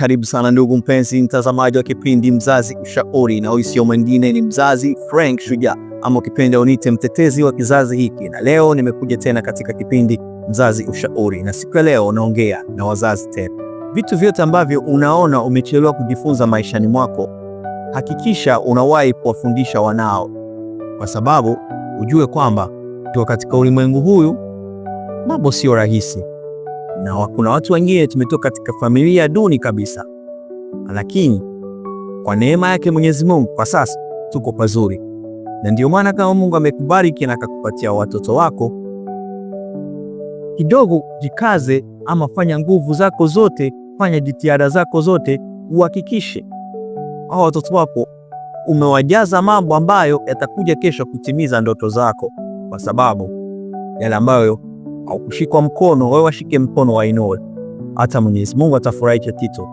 Karibu sana ndugu mpenzi mtazamaji wa kipindi Mzazi Ushauri, na huyu sio mwingine ni mzazi Frank Shujaa, ama ukipenda unite mtetezi wa kizazi hiki. Na leo nimekuja tena katika kipindi Mzazi Ushauri, na siku ya leo naongea na wazazi tena. Vitu vyote ambavyo unaona umechelewa kujifunza maishani mwako, hakikisha unawahi kuwafundisha wanao, kwa sababu ujue kwamba tuko katika ulimwengu huyu, mambo sio rahisi na kuna watu wengine tumetoka katika familia duni kabisa, lakini kwa neema yake Mwenyezi Mungu kwa sasa tuko pazuri, na ndio maana kama Mungu amekubariki na akakupatia watoto wako, kidogo jikaze, ama fanya nguvu zako zote, fanya jitihada zako zote, uhakikishe hao watoto wako umewajaza mambo ambayo yatakuja kesho kutimiza ndoto zako, kwa sababu yale ambayo au kushikwa mkono, wewe washike mkono wainue. Hata Mwenyezi Mungu atafurahi cha tito